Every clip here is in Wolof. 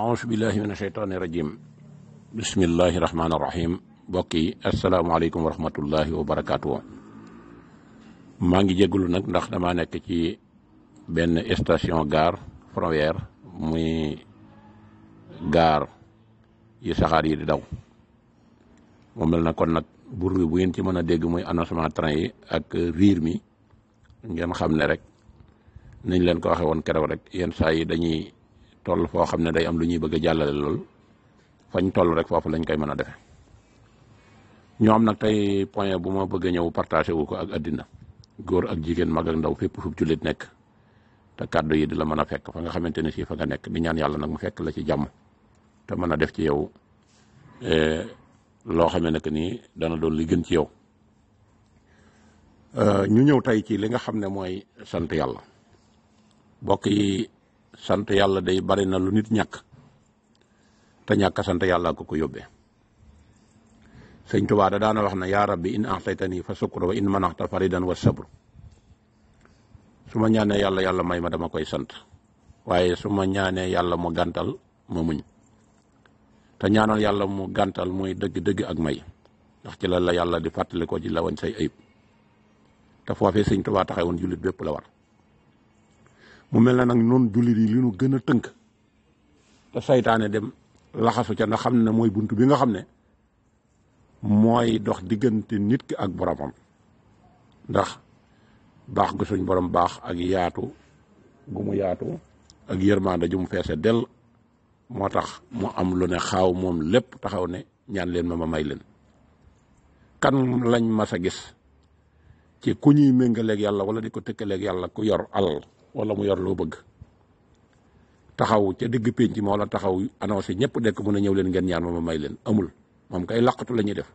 auzu billahi min asheytaani rajim bismillahi rahmaani rahim mbokk yi asalaamaaleykum wa rahmatullahi wa barakaatu maa ngi jégalu nag ndax damaa nekk ci benn station gare frontière muy gaar yi saxaar yi di daw moom mel na kon nag bur bi bu ngeen ci mën a dégg muy annoncement train yi ak riir mi ngeen xam ne rek nañ leen ko waxee woon keroog rek yenn saa yi dañuy toll foo xam ne day am lu ñuy bëgg a jàllale lool fañ toll rek foofu lañ koy mën a defe ñoom nag tey point bu ma bëgg a ñëw partagé wu ko ak àddina góor ak jigéen mag ak ndaw fépp fu jullit nekk te kàddu yi di la mën a fekk fa nga xamante ne si fa nga nekk di ñaan yàlla nag mu fekk la ci jàmm te mën a def ci yow e, loo xamee ne que nii dana doon li gën ci yow e, ñu ñëw tey ci li nga xam ne mooy sant yàlla mbokk sant yàlla day bari na lu nit ñàkk te ñàkk sant yàlla ko ko yóbbee sëñ Tuubaa da daana wax na yaa rabbi in axtaytani fa sukkur wa in manaxta faridan wa sabru su ma ñaanee yàlla yàlla may ma dama koy sant waaye su ma ñaanee yàlla mu gantal ma muñ te ñaanal yàlla mu gantal mooy dëgg-dëgg ak may ndax ci la la yàlla di fàttali ko ci la wañ say ayib te foofee sëñ Tuubaa taxawoon jullit bépp la war mu mel na nag noonu jullit yi li nu gën a tënk te saytaane dem laxasu ca ndax xam ne mooy bunt bi nga xam ne mooy dox diggante nit ki ak boromam ndax baax gu suñ borom baax ak yaatu gu mu yaatu ak yërmaande ju mu feese del moo tax mu am lu ne xaaw moom lépp taxaw ne ñaan leen ma ma may leen kan lañ ma a gis ci ku ñuy méngaleeg yàlla wala di ko tëkkaleeg yàlla ku yor alal wala mu yor loo bëgg taxaw ca digg pénc ma wala taxaw annoncé ñëpp dekk mun a ñëw leen ngeen ñaan ma ma may leen amul moom kay laqatu la ñuy def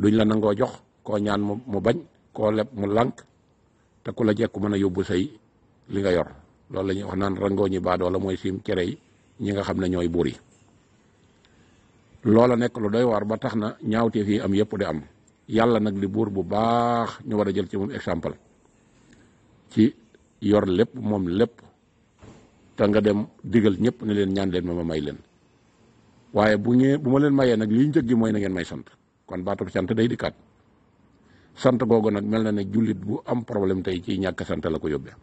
duñ la nangoo jox koo ñaan mu bañ koo leb mu lànk te ku la jekku mën a yóbbu say li nga yor loolu la wax naan rangoo ñi baad wala mooy siim cere yi ñi nga xam ne ñooy buur yi loola nekk lu doy waar ba tax na ñaawtee fii am yëpp di am yàlla nag li buur bu baax ñu war a jël ci moom exemple ci yor lépp moom lépp te dem digal ñëpp ne leen ñaan leen ma ma may leen waaye bu ñëwee bu ma leen mayee nag li njëg gi mooy na ngeen may sant kon baatub sant day di kaat sant googu nag mel na ne jullit bu am problème tey ci ñàkk sant la ko yóbbee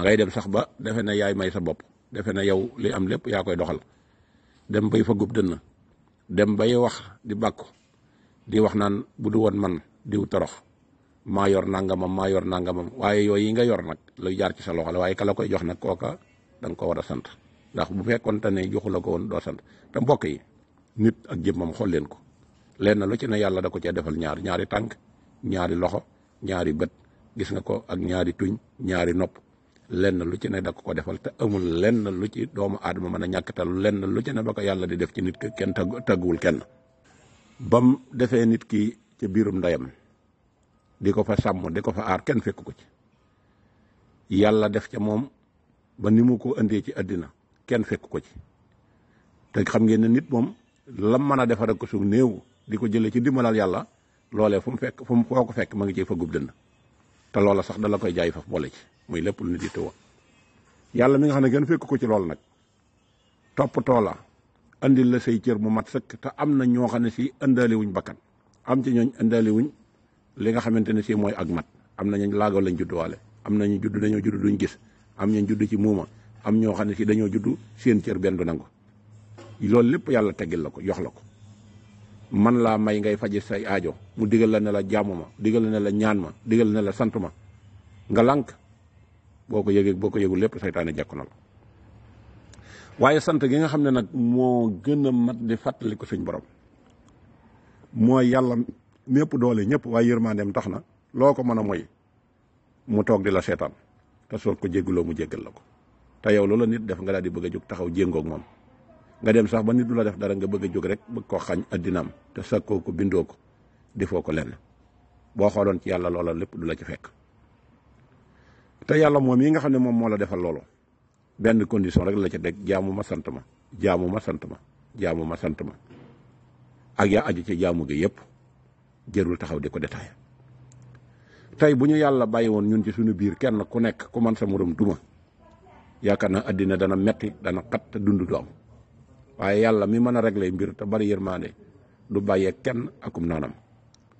ngay dem sax ba defe na yaay may sa bopp defe na yow li am lépp yaa koy doxal dem bay fa fagub dënn dem bay wax di bàkku di wax naan bu du woon man diw torox maa yor nangamam maa yor nangamam waaye yooyu yi nga yor nag lu jaar ci sa loxo la waaye ka koy jox nag kooka da nga ko war a sant ndax bu fekkoon te ne joxu ko woon doo sant te mbokk yi nit ak jëmmam xool leen ko lenn lu ci ne yàlla da ko cee defal ñaar ñaari tànk ñaari loxo ñaari bët gis nga ko ak ñaari tuñ ñaari nopp lenn lu ci ne da ko defal te amul lenn lu ci doomu aadama mën a ñàkk te lenn lu ci ne ba ko yàlla di def ci nit ki kenn tagguwul kenn bam defee nit ki ci biirum ndeyam di ko fa sàmm di ko fa aar kenn fekk ko ci yàlla def ca moom ba ni mu ko indee ci àddina kenn fekk ko ci te xam ngeen ne nit moom lam mën a defar ak ko suuf néew di ko jëlee ci laal yàlla loolee fu mu fekk fu mu foo ko fekk ma ngi cee fagub dënn te loola sax dala koy jaay faf boole ci muy lépp lu nit yi tëwa yàlla mi nga xam ne kenn fekk ko ci lool nag toppatoo la indi la say cër mu mat sëkk te am na ñoo xam ne si indaale bakkan am ci ñooñ indaale li nga xamante ne si mooy ak mat am nañu laago lañ judduwaale am na ñu judd dañoo judd duñ gis am nañ judd ci muuma am ñoo xam ne si dañoo judd seen cër benn du nangu loolu lépp yàlla teggil la ko jox la ko man laa may ngay faje say aajo mu digal la ne la jaamu ma digal la ne ñaan ma digal la ne la sant ma nga lank boo ko yëgee boo ko yëgul lépp saytaane jàkku na la waaye sant gi nga xam ne nag moo gën mat di fàttali ko suñ borom mooy yàlla mépp doole ñëpp waaye yërmandeem tax na loo ko mën a moy mu toog di la seetaan te soog ko jégguloo mu jéggal la ko te yow loola nit def nga daal di bëgg a jóg taxaw jéngoog moom nga dem sax ba nit du la def dara nga bëgg a jóg rek bëgg koo xañ addinaam te sakkoo ko bindoo ko defoo ko lenn boo xooloon ci yàlla loola lépp du la ci fekk te yàlla moom yi nga xam ne moom moo la defal loolo benn condition rek la ca teg jaamu ma sant ma jaamu ma sant ma jaamu ma ma ak yaa aju ci jaamu gi yëpp jërul taxaw di ko détaillé tey bu ñu yàlla bàyyi woon ñun ci suñu biir kenn ku nekk ku man sa morom duma yaakaar na àddina dana metti dana xat dund doom waaye yàlla mi mën a réglé mbir te bari yërmaande du bàyyee kenn akum naanam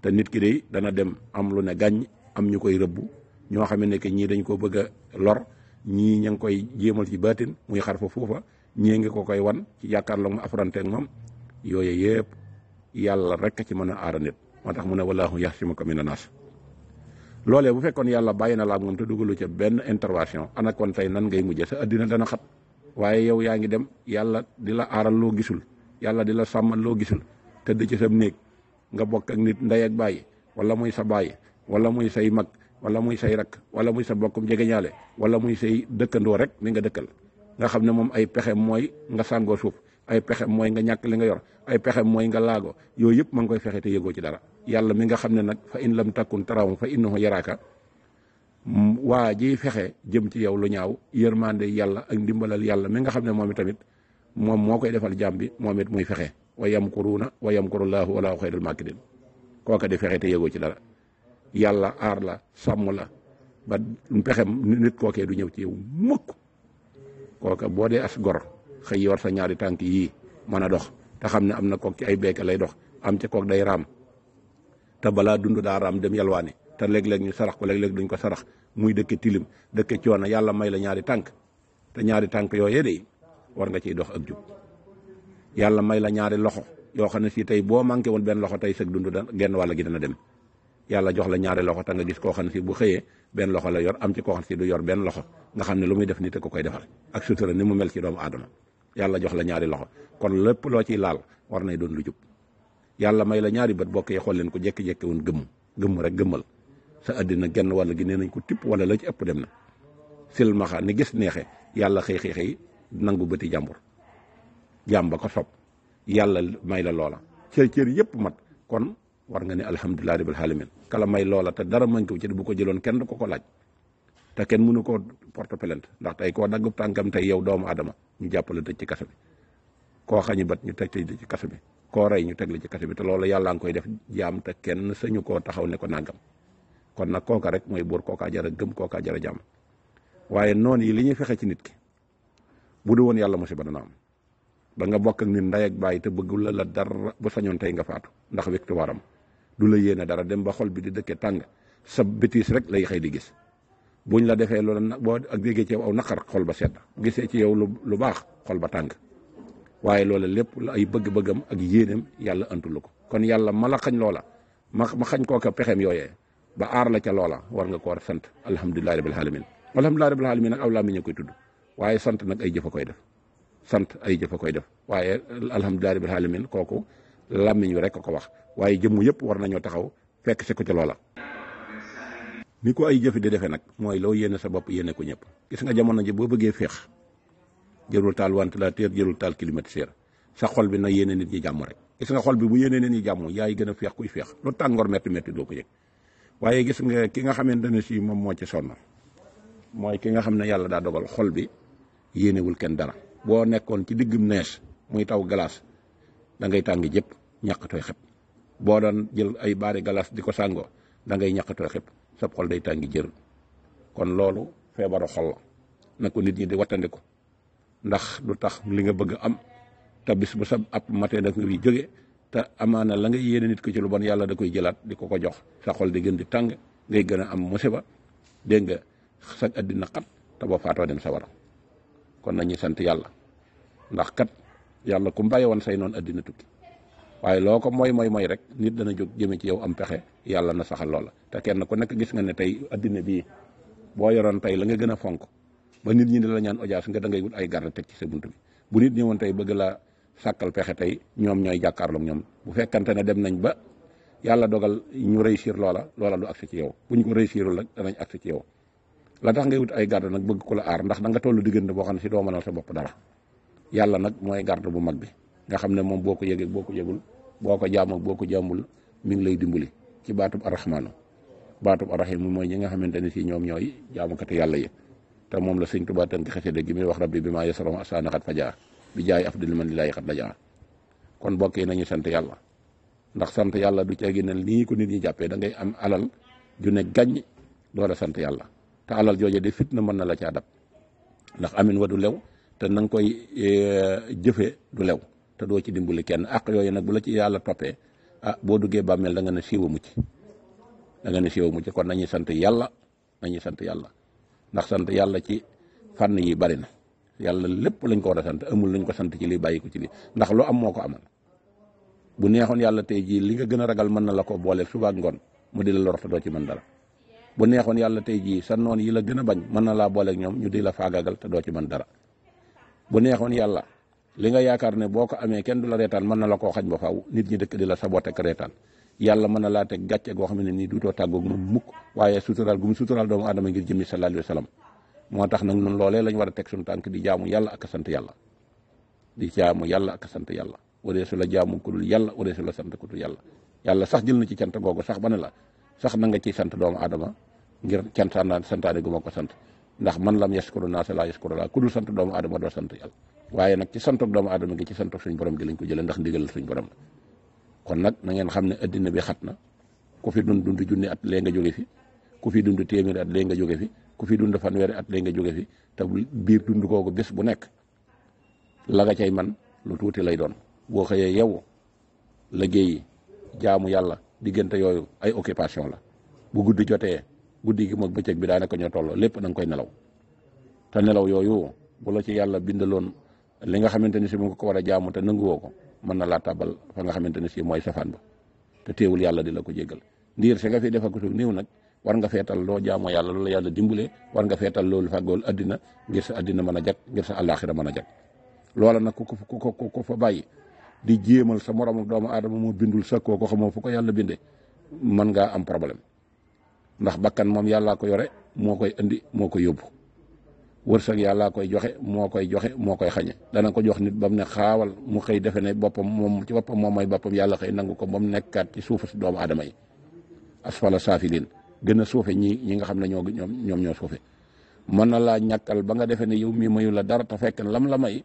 te nit ki day dana dem am lu ne gàññ am ñu koy rëbbu ñoo xam ne ñii dañ koo bëgg a lor ñii ña ngi koy jéemal ci baatin muy xar fa foofa ñii ngi ko koy wan ci yaakaar la mu affronté ak moom yooyu yëpp yàlla rek ci mën a aara moo tax mu ne wallahu yaxsimuka mina naas loolee bu fekkoon yàlla bàyyi na laa moom te dugalu ca benn intervention ana kon tey nan ngay mujje sa addina dana xat waaye yow yaa ngi dem yàlla di la aaral loo gisul yàlla di la sàmmal loo gisul tëdd ci sa néeg nga bokk ak nit ndey ak bàyyi wala muy sa bàyyi wala muy say mag wala muy say rakk wala muy sa bokkum ñaale wala muy say dëkkandoo rek ni nga dëkkal nga xam ne moom ay pexe mooy nga sàngoo suuf ay pexe mooy nga ñàkk li nga yor ay pexe mooy nga laago yooyu yëpp ma ngi koy fexe te yëgoo ci dara yàlla mi nga xam ne nag fa in lam takkun taraw fa innahu yaraaka waa ji fexe jëm ci yow lu ñaaw yërmande yàlla ak ndimbalal yàlla mi nga xam ne moom i tamit moom moo koy defal jàmm bi moom it muy fexe wa yamkuruuna wa yamkurullaahu walaahu xayrul maakirin kooka di fexe te yëgoo ci dara yàlla aar la sàmm la ba pexem nit kookee du ñëw ci yow mukk boo dee as gor xëy yor sa ñaari tànk yii mën a dox te xam ne am na kook ci ay beeke lay dox am ca kook day raam te balaa dund daa raam dem yalwaane te léeg-léeg ñu sarax ko léeg-léeg duñ ko sarax muy dëkk tilim dëkk coono yàlla may la ñaari tànk te ñaari tànk yooyee de war nga ciy dox ak jub yàlla may la ñaari loxo yoo xam ne si tey boo manqué woon benn loxo tey sëg dund da genn wàll gi dana dem yàlla jox la ñaari loxo ta nga gis koo xam ne si bu xëyee benn loxo la yor am ci koo xam benn loxo nga xam ne lu muy def nit a ko koy defal ak sutura ni mu mel ci doomu aadama yàlla jox la ñaari loxo kon lépp loo ciy laal war nay doon lu jub yàlla may la ñaari bët bokk yi xool leen ko jékki-jékki woon gëmm gëmm rek gëmmal sa àddina genn wàll gi nee nañ ko tipp wala la ci ëpp dem na silmaxa ni gis neexe yàlla xëy xëy xëy nangu bëti jàmbur jàmba ko sob yàlla may la loola cër cër yëpp mat kon war nga ne alhamdulilah rabbil alamin kala may loola te dara mañ ko ci bu ko jëloon kenn du ko ko laaj te kenn mënu koo porte plainte ndax tey koo dagg tànkam tey yow doomu aadama ñu jàppale tëj ci kaso bi koo xañi bat ñu teg tëj ci kaso bi koo rey ñu teg la ci kaso bi te loolu yàllaa ngi koy def jaam te kenn sañu koo taxaw ne ko nàngam kon nag kooka rek mooy buur kookaa jara gëm kookaa jara jaam waaye noonu yi li ñuy fexe ci nit ki bu du woon yàlla musiba dana am ba nga bokk ak nit ndey ak te bëggul la la dara bu sañoon tey nga faatu ndax victoire am du la yéene dara dem ba xol bi di tàng sa bêtise rek lay xëy di gis buñ la defee loolu nag boo ak déggee ci yow aw naqar xol ba sedd gisee ci yow lu lu baax xol ba tàng waaye loola lépp la ay bëgg-bëggam ak yéenam yàlla antul ko kon yàlla mala la xañ loola ma ma xañ koo ko pexeem yooye ba aar la ca loola war nga ko war sant alhamdulilahi rabil alamin alhamdulilahi rabil alamin nag aw laa mi ñu koy tudd waaye sant nag ay jëfa koy def sant ay jëfa koy def waaye alhamdulilahi rabil alamin kooku làmmiñ wi rek ko wax waaye jëmmu yëpp war nañoo taxaw fekk si ko ca loola ni ko ay jëf di defee nag mooy loo yéene sa bopp yéene ko ñëpp gis nga jamono ji boo bëggee féex jërul taal ventilateur jërul taal climatiseur sa xol bi na yéene nit ñi jàmm rek gis nga xol bi bu yéene nit ñi jàmm yaay gën a féex kuy féex lu tàngoor metti metti doo ko yëg waaye gis nga ki nga xamante ne si moom moo ci sonn mooy ki nga xam ne yàlla daa dogal xol bi yéenewul kenn dara boo nekkoon ci diggum nees muy taw galaas da ngay tàng jëpp ñàkkatooy xep boo doon jël ay baari glace di ko sàngoo da ngay ñàkkatooy xep sa xol day tàngi jër kon loolu feebaru xol la na ko nit ñi di wattandiku ndax du tax li nga bëgg am te bis bu sa ab matee da nga jóge te na la nga yéene nit ko ci bon yàlla da koy jëlaat di ko ko jox sa xol di gën di tàng ngay gën a am musiba dégg nga sa àddina xat te boo faatoo dem sawara kon nañu sant yàlla ndax kat yàlla kum mbàyyi woon say noon àddina tukki waaye loo ko mooy mooy mooy rek nit dana jóg jëme ci yow am pexe yàlla na saxal loola te kenn ku nekk gis nga ne tey addina bi boo yoroon tey la nga gën a fonk ba nit ñi di la ñaan audience nga da ngay wut ay garde teg ci sa bunt bi bu nit ñëwoon tey bëgg la sàkkal pexe tey ñooy jàkkaarloog ñoom bu fekkante ne dem nañ ba yàlla dogal ñu réussir loola loola du agsi ci yow bu ñu ko réussirul nag danañ agsi ci yow la tax nga wut ay garde nag bëgg ku la aar ndax da nga tollu diggante boo xam ne si doo mënal sa bopp dara yàlla nag mooy garde bu mag bi nga xam ne moom boo ko yëgee boo ko yëgul boo ko jaamoo boo ko jaamul ngi lay dimbali ci baatub arrahmaanu baatub arrahiim mooy ñi nga xamante ne si ñoom ñooy jaamukati yàlla yi te moom la sëñ Tuubaa tënk xasida gi muy wax rabbi bi maa yasarom asaana xat fajaa bi jaay afdal man lillaahi xat dajaa kon bokk yi nañu sant yàlla ndax sant yàlla du caagi ne nii ko nit ñi jàppee da ngay am alal ju ne gàññ doole sant yàlla te alal jooje de fitna mën na la caa dab ndax amin wa du lew te na nga koy eh, jëfe du lew te doo ci dimbali kenn ak yooyu nag bu la ci yàlla toppee a ah, boo duggee bàmmeel da nga ne siiwa mucc da nga ne siiwa mucc kon nañuy sant yàlla nañuy sant yàlla ndax sant yàlla ci fànn yi bari na yàlla lépp lañ ko war a sant amul lañ ko sant ci li bàyyi ko ci li ndax loo am moo ko amal bu neexoon yàlla tey jii li nga gën a ragal mën na la ko boole suba ak ngoon mu di la lor te doo ci mën dara bu neexoon yàlla jii sa noon yi la gën a bañ mën na laa booleeg ñoom ñu di la faagaagal te doo ci man dara bu neexoon yàlla li nga yaakaar ne boo ko amee kenn du la reetaan mën na la koo xaj ba faaw nit ñi dëkk di la saboté ak reetaan yàlla mën na laa teg gàcce goo xam ne nii duutoo tàggoog moom mukk waaye suturaal gu mu suturaal doomu aadama ngir jëmmi sallallahu alayhi wa sallam moo tax nag nun loolee lañ war a teg suñu tànk di jaamu yàlla ak sant yàlla di jaamu yàlla ak sant yàlla waree su la jaamu ku dul yàlla waree su la sant ku dul yàlla yàlla sax jël na ci cant googu sax ba ne la sax na nga ciy sant doomu aadama ngir cant santaane gu ma ko sant ndax man lam yaskuru naasa laa yaskuru laa ku dul sant doomu adama doo sant yàlla waaye nag ci santoog doomu adama gi ci santoog suñ borom gi lañ ko jëlee ndax ndigal suñ kon nag na ngeen xam ne addina bi xat na ku fi dund dund junni at lee nga jóge fi ku fi dund téeméeri at lee nga jóge fi ku fi dund fanweeri at lee nga jóge fi te biir dund kooku bés bu nekk la nga cay man lu tuuti lay doon boo xëyee yow liggéey jaamu yàlla diggante yooyu ay occupation la bu guddi jotee guddi gi moog bëccëg bi daanaka ñoo tolloo lépp da nga koy nelaw te nelaw yooyu bu ci yàlla bindaloon li nga xamante ni si mu nga ko war a jaamu te nanguwoo ko mën na laa tàbbal fa nga xamante ne si mooy safaan ba te teewul yàlla di la ko jéggal ndiir si nga fi defa ko suuf néew nag war nga feetal loo jaamoo yàlla loolu yàlla dimbalee war nga feetal loolu fàggool addina ngir sa àddina mën a jag ngir sa àllaaxira mën a jag loola nag ku ko ku ko fa bàyyi di jéemal sa moromu doomu aadama moo bindul sa koo ko xamoo fu ko yàlla bindee mën ngaa am problème ndax bakkan moom yàllaa ko yore moo koy indi moo ko yóbbu wërsëg yàllaa koy joxe moo koy joxe moo koy xañe dana ko jox nit ba mu ne xaawal mu xëy defe ne boppam moom ci boppam moom mooy boppam yàlla xëy nangu ko ba mu nekkaat ci suufu si doomu aadama yi asfala saafiliin gën a suufe ñi ñi nga xam ne ñoo ñoom ñoom ñoo mën na laa ñàkkal ba nga defee ne yow mii mayu la dara te fekk lam la may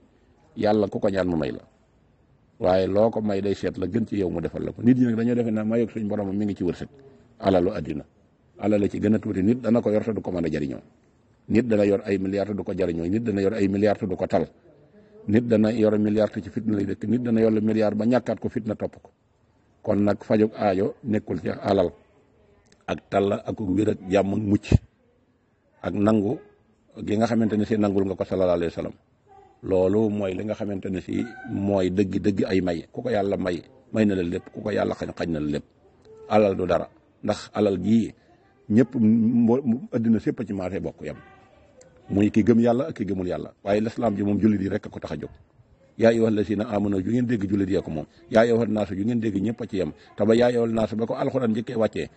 yàlla ku ko ñaan mu may la waaye loo ko may day seet la gën ci yow mu defal la ko nit ñi nag dañoo defe ne mayog suñ borom mi ngi ci wërsëg alalu àddina alal la ci gën a tuuti nit dana ko yor te ko mën a jëriñoo nit dana yor ay milliards du ko jëriñoo nit dana yor ay milliards du ko tal nit dana yor milliard ci fitna lay dëkk nit dana yor milliard ba ñàkkaat ko fitna topp ko kon nag fajug aajo nekkul ci alal ak talla ak wér ak jàmm mucc ak nangu gi nga xamante ne si nangul nga ko sallallahu alayhi wa sallam mooy li nga xamante ne si mooy dëgg dëgg ay may ku ko yàlla may may na la lépp ku ko yàlla xañ xañ na lépp alal du dara ndax alal jii ñëpp mbo addina sépp ci maatee bokk yam muy ki gëm yàlla ak ki gëmul yàlla waaye lislaam ji moom jullit yi rek a ko tax a jóg yaa ayyuhal lazina amanu ju ngeen dégg jullit yee ko moom yaa ayyuhan naasu ju ngeen dégg ñëpp a ci yem te ba yaa naasu ba ko alxuraan njëkkee wàccee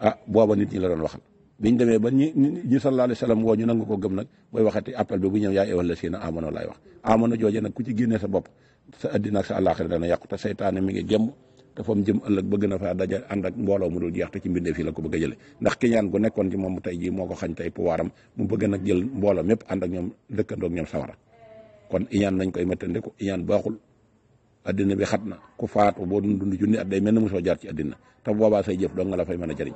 ah booba nit ñi la doon waxal biñ demee ba ñi ñi sallallahu alayhi woo ñu nangu ko gëm nag booy waxati appel bi bu ñëw yaa ayyuhal lazina amanu laay wax amanu jooje nag ku ci génnee sa bopp sa addina ak sa àllaaxira dana yàqu mi ngi gëmm te fa mu jëm ëllëg bëgg na fa daja ànd ak mbooloo mu dul jeex te ci mbindeef yi la ko bëgg a jële ndax ki ñaan gu nekkoon ci moom tey jii moo ko xañ tey pouvoiram mu bëgg nag jël mbooloo mépp ànd ak ñoom dëkkandoog ñoom sawara kon iñaan nañ koy ko iñaan baaxul addina bi xat na ku faatu boo dund dund junni at day mel ne mosoo jaar ci addina te booba say jëf dong nga la fay mën a jëriñ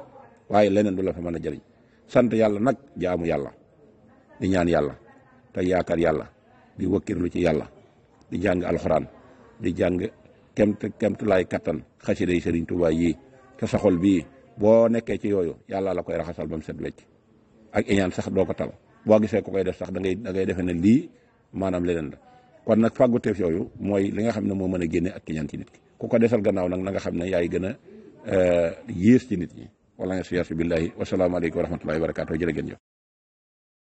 waaye leneen du la fa mën a jëriñ sant yàlla nag jaamu yàlla di ñaan yàlla te yaakaar yàlla di wëkkirlu ci yàlla di jàng alxuraan di jàng kemt kemtulaay kattan xasiday sëriñ Tuubaa yii te sa xol bii boo nekkee ci yooyu yàlla la koy raxasal ba mu set ak iñaan sax doo ko tal boo gisee ku koy def sax da ngay da ngay defee ne lii maanaam leneen la kon nag te yooyu mooy li nga xam ne moo mën a génne ak iñaan ci ko ko desal gannaaw nag na nga xam ne yaay gën a euh, yées ci nit ñi wala nga siyaas billahi wasalaamaaleykum wa rahmatullahi wa barakaatu jërë